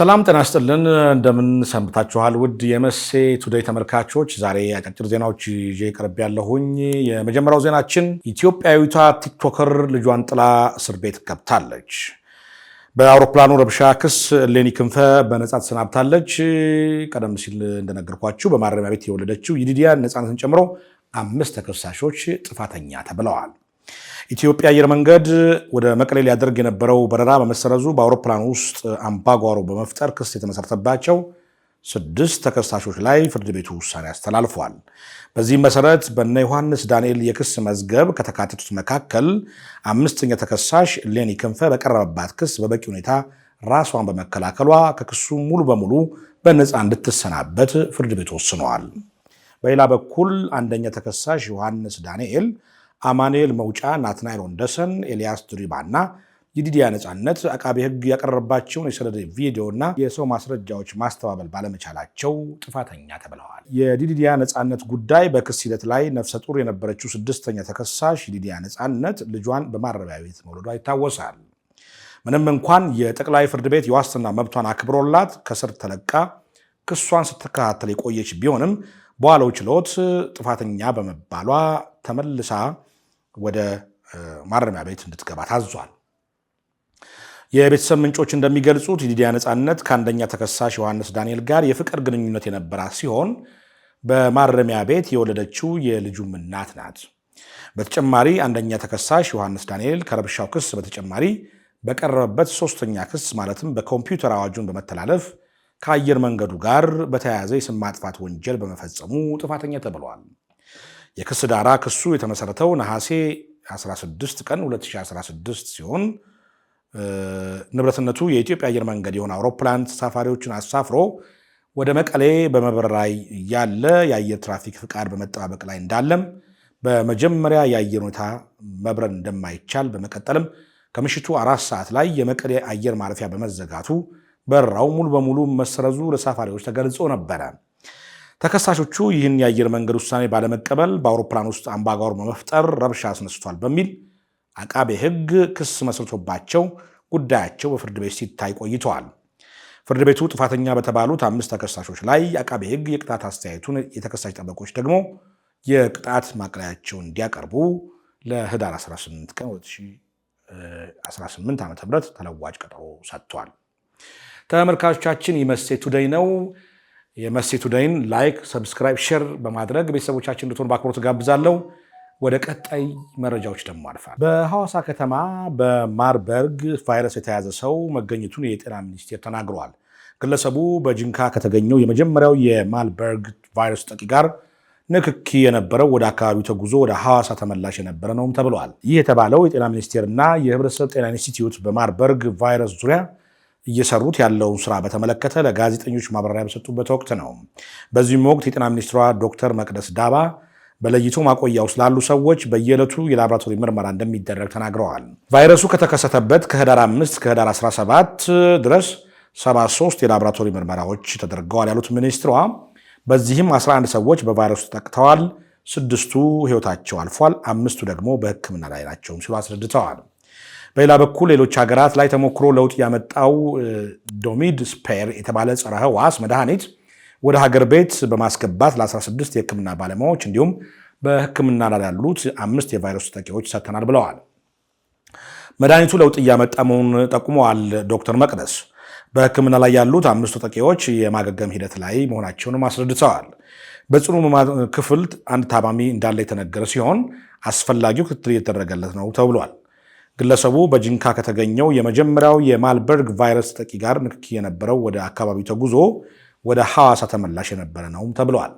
ሰላም ጤና ስጥልን እንደምን ሰንብታችኋል? ውድ የመሴ ቱዴይ ተመልካቾች፣ ዛሬ አጫጭር ዜናዎች ይዤ ቀርብ ያለሁኝ። የመጀመሪያው ዜናችን ኢትዮጵያዊቷ ቲክቶከር ልጇን ጥላ እስር ቤት ገብታለች። በአውሮፕላኑ ረብሻ ክስ ሌኒ ክንፈ በነፃ ተሰናብታለች። ቀደም ሲል እንደነገርኳችሁ በማረሚያ ቤት የወለደችው ይዲዲያ ነፃነትን ጨምሮ አምስት ተከሳሾች ጥፋተኛ ተብለዋል። ኢትዮጵያ አየር መንገድ ወደ መቀሌ ሊያደርግ የነበረው በረራ በመሰረዙ በአውሮፕላን ውስጥ አምባጓሮ በመፍጠር ክስ የተመሰረተባቸው ስድስት ተከሳሾች ላይ ፍርድ ቤቱ ውሳኔ አስተላልፏል። በዚህም መሰረት በነ ዮሐንስ ዳንኤል የክስ መዝገብ ከተካተቱት መካከል አምስተኛ ተከሳሽ ሌኒ ክንፈ በቀረበባት ክስ በበቂ ሁኔታ ራሷን በመከላከሏ ከክሱ ሙሉ በሙሉ በነፃ እንድትሰናበት ፍርድ ቤት ወስነዋል። በሌላ በኩል አንደኛ ተከሳሽ ዮሐንስ ዳንኤል አማኑኤል መውጫ፣ ናትናኤል ወንደሰን፣ ኤልያስ ድሪባ እና የዲዲያ ነጻነት አቃቤ ሕግ ያቀረባቸውን የሰነድ ቪዲዮና የሰው ማስረጃዎች ማስተባበል ባለመቻላቸው ጥፋተኛ ተብለዋል። የዲዲያ ነጻነት ጉዳይ በክስ ሂደት ላይ ነፍሰ ጡር የነበረችው ስድስተኛ ተከሳሽ የዲዲያ ነጻነት ልጇን በማረቢያ ቤት መውለዷ ይታወሳል። ምንም እንኳን የጠቅላይ ፍርድ ቤት የዋስትና መብቷን አክብሮላት ከስር ተለቃ ክሷን ስትከታተል የቆየች ቢሆንም በዋለው ችሎት ጥፋተኛ በመባሏ ተመልሳ ወደ ማረሚያ ቤት እንድትገባ ታዟል። የቤተሰብ ምንጮች እንደሚገልጹት የሊዲያ ነፃነት ከአንደኛ ተከሳሽ ዮሐንስ ዳንኤል ጋር የፍቅር ግንኙነት የነበራት ሲሆን በማረሚያ ቤት የወለደችው የልጁም እናት ናት። በተጨማሪ አንደኛ ተከሳሽ ዮሐንስ ዳንኤል ከረብሻው ክስ በተጨማሪ በቀረበበት ሶስተኛ ክስ ማለትም በኮምፒውተር አዋጁን በመተላለፍ ከአየር መንገዱ ጋር በተያያዘ የስም ማጥፋት ወንጀል በመፈጸሙ ጥፋተኛ ተብሏል። የክስ ዳራ ክሱ የተመሰረተው ነሐሴ 16 ቀን 2016 ሲሆን ንብረትነቱ የኢትዮጵያ አየር መንገድ የሆነ አውሮፕላን ተሳፋሪዎችን አሳፍሮ ወደ መቀሌ በመብረር ላይ ያለ የአየር ትራፊክ ፍቃድ በመጠባበቅ ላይ እንዳለም በመጀመሪያ የአየር ሁኔታ መብረር እንደማይቻል በመቀጠልም ከምሽቱ አራት ሰዓት ላይ የመቀሌ አየር ማረፊያ በመዘጋቱ በረራው ሙሉ በሙሉ መሰረዙ ለሳፋሪዎች ተገልጾ ነበረ። ተከሳሾቹ ይህን የአየር መንገድ ውሳኔ ባለመቀበል በአውሮፕላን ውስጥ አምባጓሮ በመፍጠር ረብሻ አስነስቷል በሚል አቃቤ ሕግ ክስ መስርቶባቸው ጉዳያቸው በፍርድ ቤት ሲታይ ቆይተዋል። ፍርድ ቤቱ ጥፋተኛ በተባሉት አምስት ተከሳሾች ላይ አቃቤ ሕግ የቅጣት አስተያየቱን፣ የተከሳሽ ጠበቆች ደግሞ የቅጣት ማቅለያቸውን እንዲያቀርቡ ለህዳር 18 ቀን 2018 ዓ ም ተለዋጭ ቀጠሮ ሰጥቷል። ተመልካቾቻችን ይመሴ ቱደይ ነው። የመሴቱ ደይን ላይክ፣ ሰብስክራይብ፣ ሼር በማድረግ ቤተሰቦቻችን እንድትሆን በአክብሮት ጋብዛለሁ። ወደ ቀጣይ መረጃዎች ደግሞ አልፋል። በሐዋሳ ከተማ በማርበርግ ቫይረስ የተያዘ ሰው መገኘቱን የጤና ሚኒስቴር ተናግረዋል። ግለሰቡ በጅንካ ከተገኘው የመጀመሪያው የማርበርግ ቫይረስ ጠቂ ጋር ንክኪ የነበረው ወደ አካባቢው ተጉዞ ወደ ሐዋሳ ተመላሽ የነበረ ነውም ተብለዋል። ይህ የተባለው የጤና ሚኒስቴር እና የህብረተሰብ ጤና ኢንስቲትዩት በማርበርግ ቫይረስ ዙሪያ እየሰሩት ያለውን ስራ በተመለከተ ለጋዜጠኞች ማብራሪያ በሰጡበት ወቅት ነው። በዚህም ወቅት የጤና ሚኒስትሯ ዶክተር መቅደስ ዳባ በለይቶ ማቆያው ስላሉ ሰዎች በየዕለቱ የላብራቶሪ ምርመራ እንደሚደረግ ተናግረዋል። ቫይረሱ ከተከሰተበት ከህዳር 5 ከህዳር 17 ድረስ 73 የላብራቶሪ ምርመራዎች ተደርገዋል ያሉት ሚኒስትሯ በዚህም 11 ሰዎች በቫይረሱ ተጠቅተዋል፣ ስድስቱ ህይወታቸው አልፏል፣ አምስቱ ደግሞ በህክምና ላይ ናቸውም ሲሉ አስረድተዋል። በሌላ በኩል ሌሎች ሀገራት ላይ ተሞክሮ ለውጥ ያመጣው ዶሚድ ስፔር የተባለ ጸረ ህዋስ መድኃኒት ወደ ሀገር ቤት በማስገባት ለ16 የህክምና ባለሙያዎች እንዲሁም በህክምና ላይ ያሉት አምስት የቫይረስ ተጠቂዎች ሰጥተናል ብለዋል። መድኃኒቱ ለውጥ እያመጣ መሆኑን ጠቁመዋል ዶክተር መቅደስ። በህክምና ላይ ያሉት አምስቱ ተጠቂዎች የማገገም ሂደት ላይ መሆናቸውንም አስረድተዋል። በጽኑ ክፍል አንድ ታማሚ እንዳለ የተነገረ ሲሆን አስፈላጊው ክትትል እየተደረገለት ነው ተብሏል። ግለሰቡ በጂንካ ከተገኘው የመጀመሪያው የማልበርግ ቫይረስ ተጠቂ ጋር ንክኪ የነበረው ወደ አካባቢው ተጉዞ ወደ ሐዋሳ ተመላሽ የነበረ ነውም ተብለዋል።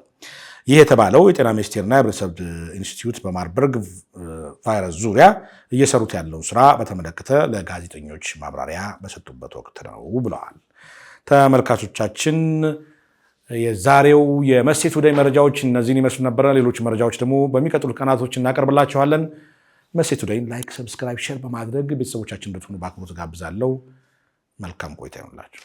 ይህ የተባለው የጤና ሚኒስቴርና የህብረተሰብ ኢንስቲትዩት በማልበርግ ቫይረስ ዙሪያ እየሰሩት ያለውን ስራ በተመለከተ ለጋዜጠኞች ማብራሪያ በሰጡበት ወቅት ነው ብለዋል። ተመልካቾቻችን የዛሬው የመሴት ቱዴይ መረጃዎች እነዚህን ይመስሉ ነበረ። ሌሎች መረጃዎች ደግሞ በሚቀጥሉት ቀናቶች እናቀርብላችኋለን። መሴ ቱዴይን ላይክ፣ ሰብስክራይብ፣ ሼር በማድረግ ቤተሰቦቻችን እንድትሆኑ በአክብሮት ጋብዛለሁ። መልካም ቆይታ ይሆንላችሁ።